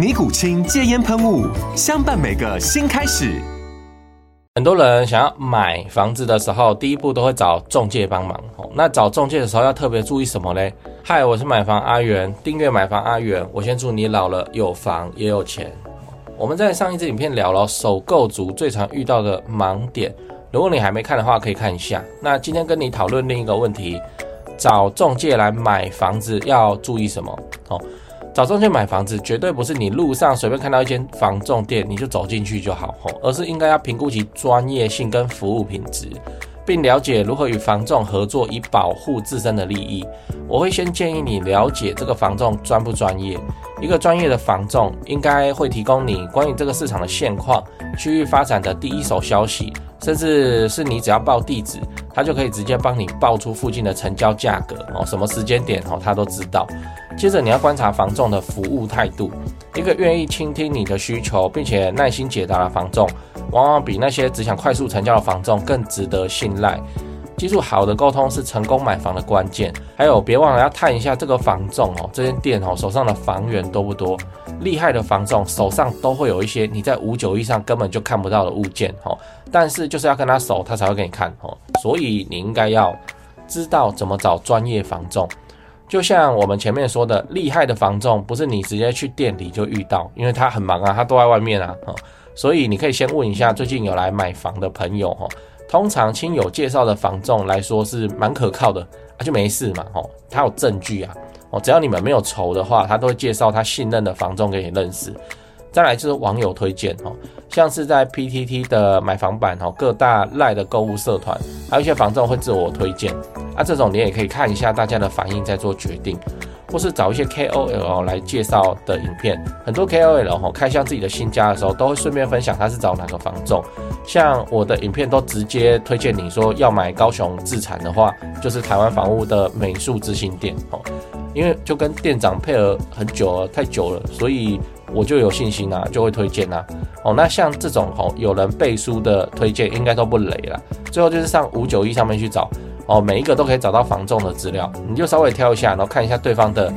尼古清戒菸噴霧，相伴每個新開始。很多人想要買房子的時候，第一步都會找仲介幫忙。那找仲介的時候要特別注意什麼呢？嗨，我是買房阿元，訂閱買房阿元，我先祝你老了，有房也有錢。我們在上一支影片聊了首購族最常遇到的盲點，如果你還沒看的話，可以看一下。那今天跟你討論另一個問題，找仲介來買房子要注意什麼？哦。找房仲買房子，絕對不是你路上隨便看到一間房仲店，你就走進去就好，而是應該要評估其專業性跟服務品質，並了解如何與房仲合作以保護自身的利益。我會先建議你了解這個房仲專不專業。一個專業的房仲應該會提供你關於這個市場的現況、區域發展的第一手消息，甚至是你只要報地址，他就可以直接幫你報出附近的成交價格哦，什麼時間點哦，他都知道。接着你要觀察房仲的服務態度，一個願意傾聽你的需求並且耐心解答的房仲，往往比那些只想快速成交的房仲更值得信賴。記住，好的溝通是成功買房的關鍵。還有，別忘了要探一下這個房仲哦，這間店哦，手上的房源多不多？厲害的房仲手上都會有一些你在五九一上根本就看不到的物件哦，但是就是要跟他熟，他才會給你看哦。所以你應該要知道怎麼找專業房仲。就像我們前面說的，厲害的房仲不是你直接去店裡就遇到，因為他很忙啊，他都在外面啊，所以你可以先問一下最近有來買房的朋友，通常親友介紹的房仲來說是蠻可靠的啊，就沒事嘛，他有證據啊，只要你們沒有仇的話，他都會介紹他信任的房仲給你認識。再來就是網友推薦哦，像是在 PTT 的買房版哦，各大賴的購物社團，還有一些房仲會自我推薦啊。這種你也可以看一下大家的反應再做決定，或是找一些 KOL 哦，來介紹的影片。很多 KOL 哦，開箱自己的新家的時候，都會順便分享他是找哪個房仲。像我的影片都直接推薦你說要買高雄自產的話，就是台灣房屋的美術之星店哦，因為就跟店長配合很久了，太久了，所以。我就有信心啦、啊，就會推薦啦、啊。哦，那像這種哦，有人背書的推薦應該都不雷啦。最後就是上591上面去找哦，每一個都可以找到房仲的資料，你就稍微挑一下，然後看一下對方的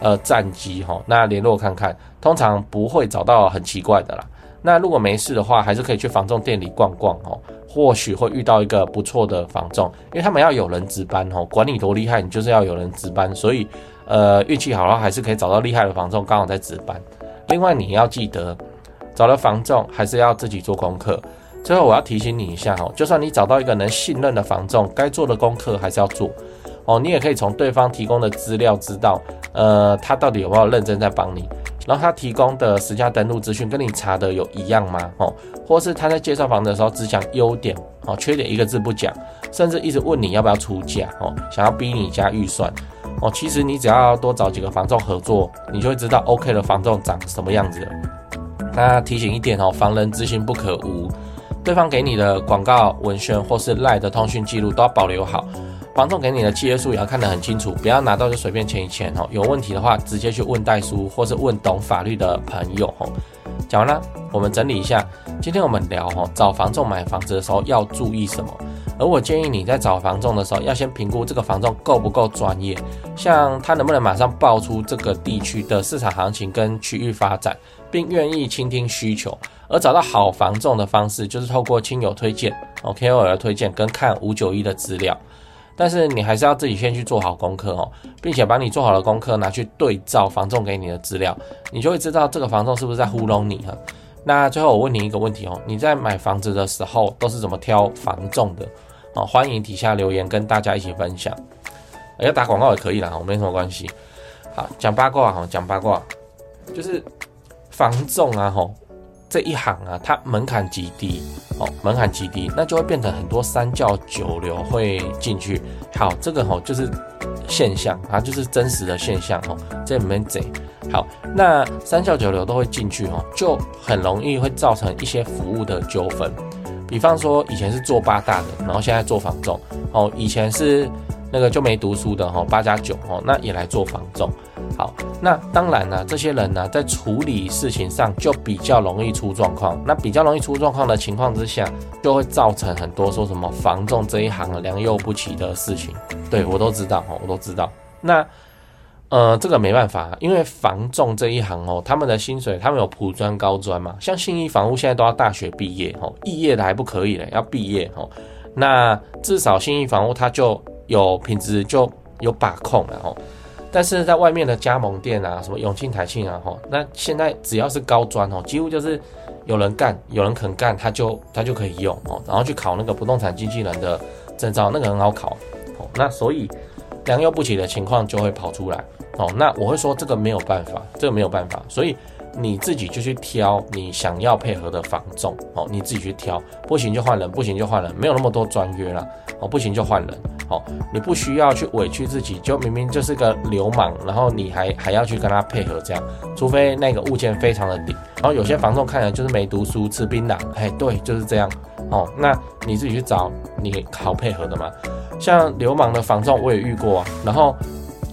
呃戰績哈、哦。那聯絡看看，通常不會找到很奇怪的啦。那如果沒事的話，還是可以去房仲店裡逛逛哦，或許會遇到一個不錯的房仲，因為他們要有人值班哦，管你多厲害，你就是要有人值班。所以呃，運氣好了還是可以找到厲害的房仲，剛好在值班。另外，你要記得，找了房仲，還是要自己做功課。最後，我要提醒你一下哦，就算你找到一個能信任的房仲，該做的功課還是要做。哦，你也可以從對方提供的資料知道，呃，他到底有沒有認真在幫你。然後他提供的實價登錄資訊跟你查的有一樣嗎？哦，或是他在介紹房的時候只講優點，哦，缺點一個字不講，甚至一直問你要不要出價，哦，想要逼你加預算。哦，其實你只要多找幾個房仲合作，你就會知道 OK 的房仲長什麼樣子了。那提醒一點哦，防人之心不可無，對方給你的廣告文宣或是賴的通訊記錄都要保留好。房仲給你的契約書也要看得很清楚，不要拿到就隨便簽一簽哦。有問題的話，直接去問代書或是問懂法律的朋友哦。講完了啊，我們整理一下，今天我們聊哦，找房仲買房子的時候要注意什麼？而我建議你在找房仲的時候，要先評估這個房仲夠不夠專業，像他能不能馬上爆出這個地區的市場行情跟區域發展，並願意傾聽需求。而找到好房仲的方式，就是透過親友推薦、KOL 的推薦跟看五九一的資料。但是你還是要自己先去做好功課哦，並且把你做好的功課拿去對照房仲給你的資料，你就會知道這個房仲是不是在糊弄你。那最後我問你一個問題哦，你在買房子的時候都是怎麼挑房仲的？哦，歡迎底下留言跟大家一起分享。要、欸、打廣告也可以啦，我沒什麼關係。好，講八卦好，講八卦就是房仲啊，吼。這一行啊，它門檻極低哦，門檻極低，那就會變成很多三教九流會進去。好，這個吼、哦、就是現象啊，就是真實的現象哦，這裡面賊。好，那三教九流都會進去哦，就很容易會造成一些服務的糾紛。比方說，以前是做八大的，然後現在做房仲哦，以前是那個就沒讀書的哦，八加九哦，那也來做房仲。好，那當然呢、啊，這些人呢、啊，在處理事情上就比較容易出狀況。那比較容易出狀況的情況之下，就會造成很多說什麼房仲這一行良莠不齊的事情。對我都知道，我都知道。那呃，這個沒辦法，因為房仲這一行哦，他們的薪水，他們有普專、高專嘛？像信義房屋現在都要大學畢業哦，肄業的還不可以嘞，要畢業哦。那至少信義房屋它就有品質，就有把控了，了、哦、後。但是在外面的加盟店啊，什麼永慶、台慶啊，吼、哦，那現在只要是高專哦，幾乎就是有人幹，有人肯幹，他就他就可以用哦，然後去考那個不動產經紀人的證照，那個很好考哦。那所以良莠不齊的情況就會跑出來哦。那我會說這個沒有辦法，這個沒有辦法，所以你自己就去挑你想要配合的房仲哦，你自己去挑，不行就換人，不行就換人，沒有那麼多專約啦。不行就換人，哦，你不需要去委屈自己，就明明就是個流氓，然後你還還要去跟他配合這樣，除非那個物件非常的頂，然後，哦，有些房仲看起來就是沒讀書、吃檳榔，哎、欸，對，就是這樣，哦，那你自己去找你好配合的嘛。像流氓的房仲我也遇過啊，然後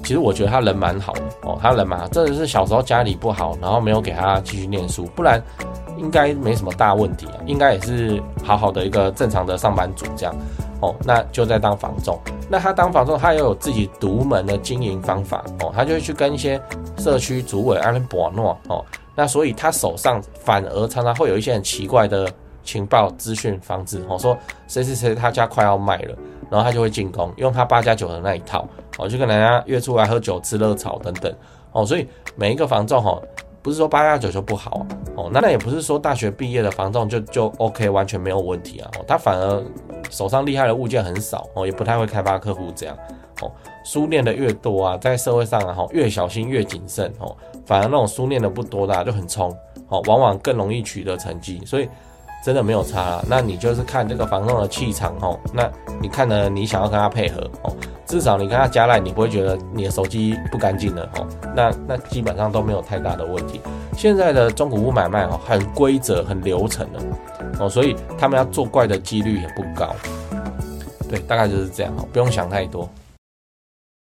其實我覺得他人蠻好的，哦，他人蠻好真的是小時候家裡不好，然後沒有給他繼續念書，不然應該沒什麼大問題、啊，應該也是好好的一個正常的上班族這樣。哦，那就在當房仲，那他當房仲，他又有自己獨門的經營方法，哦，他就會去跟一些社區主委啊、伯諾，哦，那所以他手上反而常常會有一些很奇怪的情報資訊方式，哦，說誰誰誰他家快要賣了，然後他就會進攻，用他八加九的那一套，哦，就跟人家約出來喝酒、吃熱炒等等，哦，所以每一個房仲，哦。不是說八加九就不好、啊、哦，那那也不是說大學畢業的房仲就就 OK，完全沒有問題啊、哦，他反而手上厲害的物件很少哦，也不太會開發客戶這樣，哦，書唸的越多啊，在社會上啊，越小心越謹慎哦，反而那種書唸的不多的、啊、就很衝哦，往往更容易取得成績，所以真的沒有差、啊，那你就是看這個房仲的氣場哦，那你看呢，你想要跟他配合哦。至少你看它加 LINE，你不會覺得你的手機不乾淨了哦、喔。那那基本上都沒有太大的問題。現在的中古屋買賣哦、喔，很規則、很流程的、喔、哦、喔，所以他們要做怪的幾率也不高。對，大概就是這樣哦、喔，不用想太多。